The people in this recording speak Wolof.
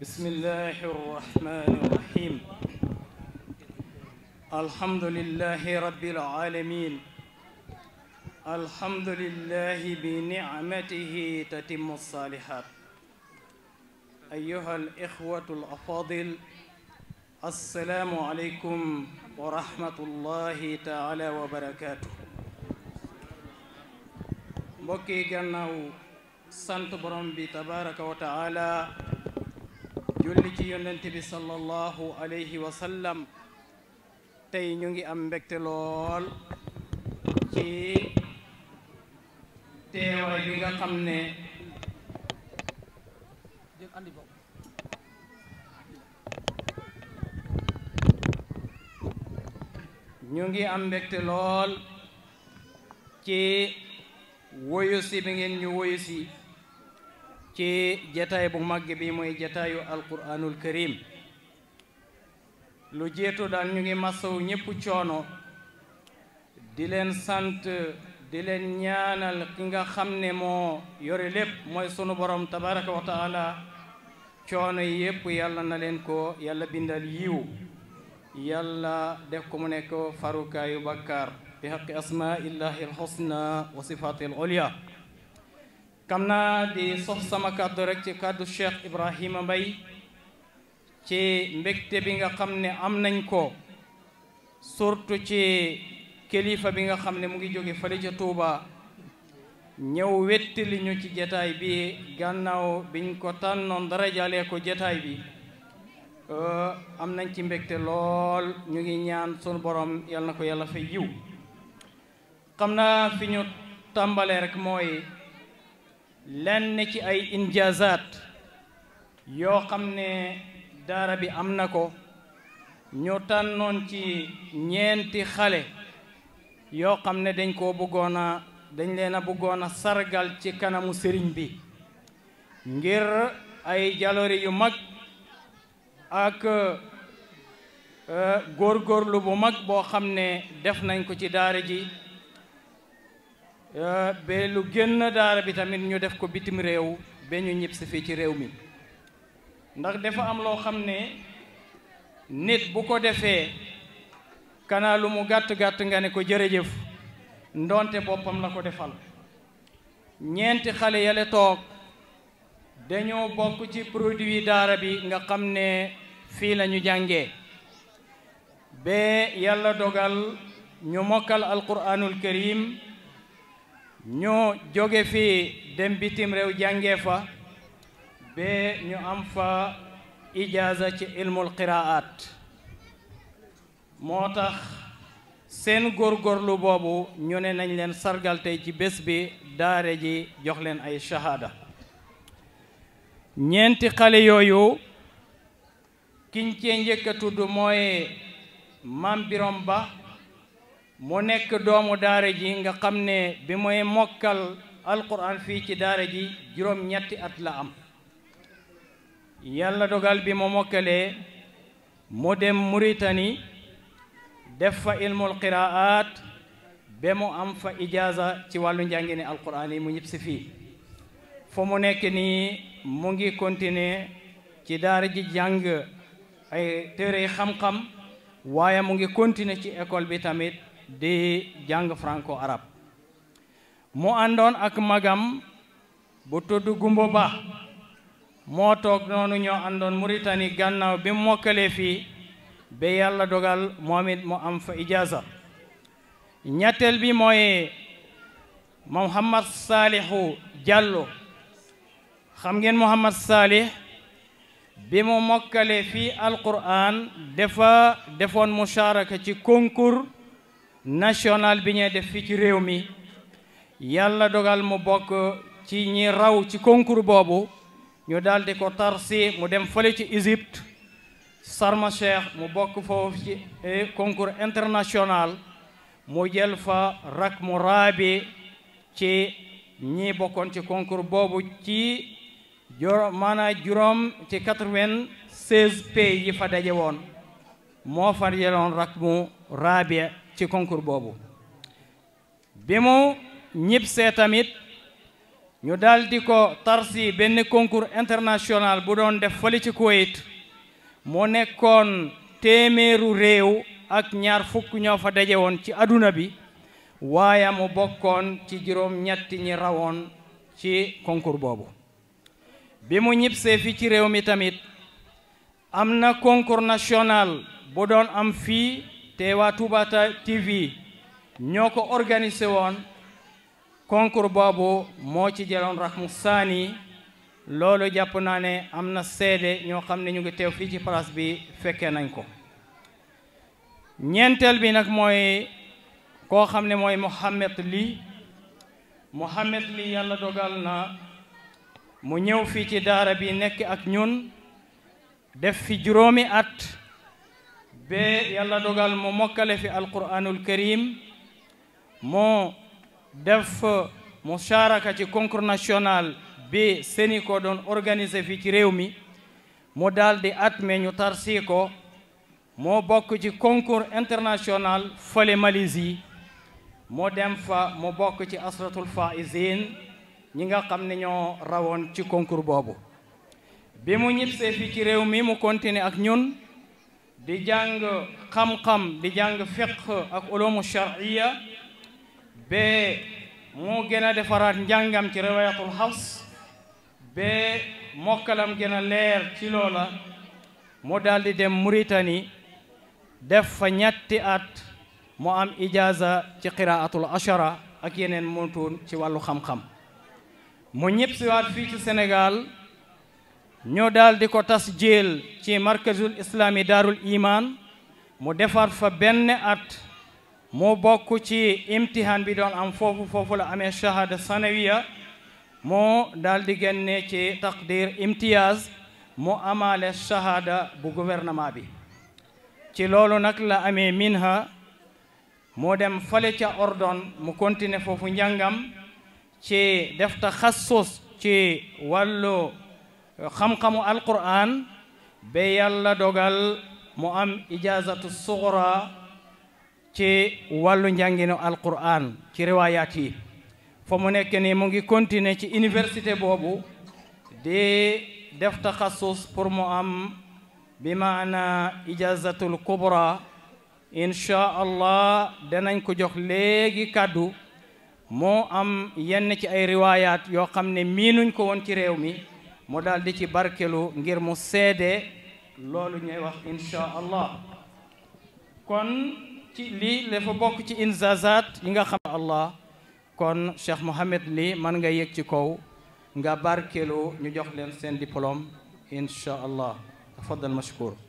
بسم الله الرحمن الرحيم الحمد لله رب العالمين الحمد لله بنعمته تتم الصالحات أيها الإخوة الأفاضل السلام عليكم ورحمة الله تعالى وبركاته mbokk yi gannaaw sant borom bi tabaraka wa taala julli ci yonent bi sallallahu alayhi wa sallam tey ñu ngi am mbégte lool ci teewaay bi nga xam ne ñu ngi am mbégte lool ci woyu si ngeen ñu woyu ci jataay bu màgg bi mooy jataayu alquranul karim lu jiitu daal ñu ngi masawu ñépp coono di leen sant di leen ñaanal ki nga xam ne moo yore lépp mooy sunu borom tabaraka wa taala coono yi yépp yàlla na leen ko yàlla bindal yiw yàlla def ko mu nekk farukaayu bakkaar bi xaqi asmaa illahi alxusna wa sifaati al ulya xam naa di sof sama kàddu rek ci kàddu Cheikh Ibrahima mbay ci mbégte bi nga xam ne am nañ ko surtout ci kilifa bi nga xam ne mu ngi jóge fële ca Touba ñëw wettali ñu ci jataay bi gànnaaw biñ ko tànnoon darajalee ko jataay bi am nañ ci mbégte lool ñu ngi ñaan sunu borom yal na ko yàlla fay yiw xam naa fi ñu tàmbalee rek mooy lenn ci ay injaazaat yoo xam ne daara bi am na ko ñu tànnoon ci ñeenti xale yoo xam ne dañ koo bëggoon dañ leen a bëggoon a sargal ci kanamu sëriñ bi ngir ay jaloore yu mag ak euh, góorgóorlu bu mag boo xam ne def nañ ko ci daara ji ba lu génn daara bi tamit ñu def ko bitim réew ba ñu ñibb si fii ci réew mi ndax dafa am loo xam ne nit bu ko defee kanaa lu mu gàtt-gàtt nga ne ko jërëjëf ndonte boppam la ko defal ñeenti xale yale toog dañoo bokk ci produit daara bi nga xam ne fii lañu ñu jàngee ba yàlla dogal ñu mokkal alquranul karim ñu jóge fi dem bitim réew jàngee fa ba ñu am fa ijaaza ci ilmul qiraat moo tax seen góorgóorlu boobu ñu ne nañ leen sargal ci bés bi daare ji jox leen ay shahada ñeenti xale yooyu kiñ cee njëkk a tudd mooy Mam Ba moo nekk doomu daara ji nga xam ne bi mooy mokkal alquran fii ci daara ji juróom ñetti at la am yàlla dogal bi mu mokkalee moo dem Muritani def fa ilmul qiraat ba mu am fa ijaaza ci wàllu njàngine alquran yi mu ñëpp fii fu mu nekk nii mu ngi continuer ci daara ji jàng ay téere xam-xam waaye mu ngi continuer ci école bi tamit di jàng franco arabe mu àndoon ak magam bu tudd Gumbo Ba moo toog noonu ñoo àndoon Mauritanie gannaaw bi mokkalee fii ba yàlla dogal moom mu am fa ijaasa ñetteel bi mooy Mouhamad Salihu Diallo xam ngeen Mouhamad Salih bi mu mokkalee fii alquran defa defoon musharaka ci concours national bi ñuy def fii ci réew mi yàlla dogal mu bokk ci ñi raw ci concours boobu ñu daldi ko tarsi mu dem fële ci Égypte Sharm el mu bokk foofu ci eh, concours international mu jël fa rak mu raabi ci ñi bokkoon ci concours boobu ci jor juróom ci quatre-vingt-seize pays yi fa daje woon moo fa jëloon rak mu raabi ci concours boobu bi mu ñibbisee tamit ñu daldi ko tarsi benn concours international bu doon def fële ci Kuwait mu nekkoon téeméeru réew ak ñaar fukk ñoo fa daje woon ci àdduna bi waaye mu bokkoon ci juróom ñetti ñi ci concours boobu bi mu ñibbisee fii ci réew mi tamit am na concours national bu doon am fii te waa Touba TV ñoo ko organisé woon concours boobu moo ci jëloon Rahmou Saani loolu jàpp naa ne am na seede ñoo xam ne ñu ngi teew fii ci place bi fekkee nañ ko ñeenteel bi nag mooy koo xam ne mooy Mohamed Ly Mohamed Ly yàlla dogal na mu ñëw fii ci daara bi nekk ak ñun def fi juróomi at ba yàlla dogal mu mokkale fi alquranul karim mu def musharaka ci concours national bi seni ko doon organiser fii ci réew mi mu daal di at me ñu tarsi ko moo bokk ci concours international fële Malaisie moo dem fa mu bokk ci asratul faizin ñi nga xam ne ñoo rawoon ci concours boobu bi mu ñibbisee fii ci réew mi mu continuer ak ñun di jàng xam-xam di jàng fiqh ak ulumu shar'iyya ba mu gën a defaraat njàngam ci riwayatul xafs ba mokkalam gën a leer ci loola mu daldi dem Muritani def fa ñetti at mu am ijaza ci qiraatul ashara ak yeneen motuun ci wàllu xam-xam mu ñëpp fii ci Sénégal ñoo daal di ko tas jéel ci markazul islami daarul iman mu defar fa benn at moo bokk ci imtihan bi doon am foofu foofu amee shahada sanawiya moo daldi di ci taqdir imtiyaz moo amaale shahada bu gouvernement bi ci loolu nag la amee minha moo dem fale ca ordon mu continuer foofu njàngam ci def taxassus ci wàllu xam-xamu alquran ba yàlla dogal mu am ijaazatu suxra ci wàllu njànginu alquran ci riwaayaat yi fa mu nekk nii mu ngi continuer ci université boobu di def taxassus pour mu am bi maana ijaazatul kubra incha allah danañ ko jox léegi kàddu moo am yenn ci ay riwaayaat yoo xam ne miinuñ ko woon ci réew mi mu daal di ci barkelu ngir mu seede loolu ñuy wax insha allah kon ci lii dafa bokk ci inzazat yi nga xam allah kon Cheikh Mohamed li man nga yëg ci kaw nga barkelu ñu jox leen seen diplôme insha allah tafaddal mashkur